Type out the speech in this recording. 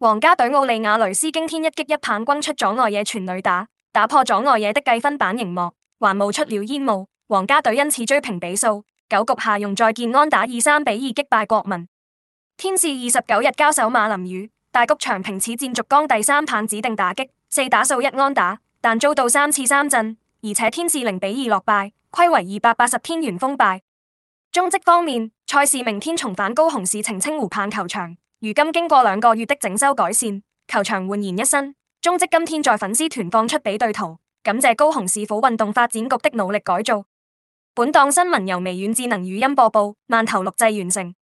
皇家隊奧利瓦雷斯驚天一擊一棒轟出左外野全壘打，打破左外野的計分板熒幕，還冒出了煙霧。皇家隊因此追平比數。九局下用再見安打以三比二擊敗國民。天使二十九日交手馬林魚，大谷翔平此戰續扛第三棒指定打擊，四打數一安打，但遭到三次三振，而且天使零比二落敗，睽違二百八十天完封敗。中職方面，賽事明天重返高雄市澄清湖棒球場。如今經過兩個月的整修改善，球場煥然一新。中職今天在粉絲團放出比對圖,感謝高雄市府運動發展局的努力改造。本檔新聞由微軟智能語音播報，萬頭錄製完成。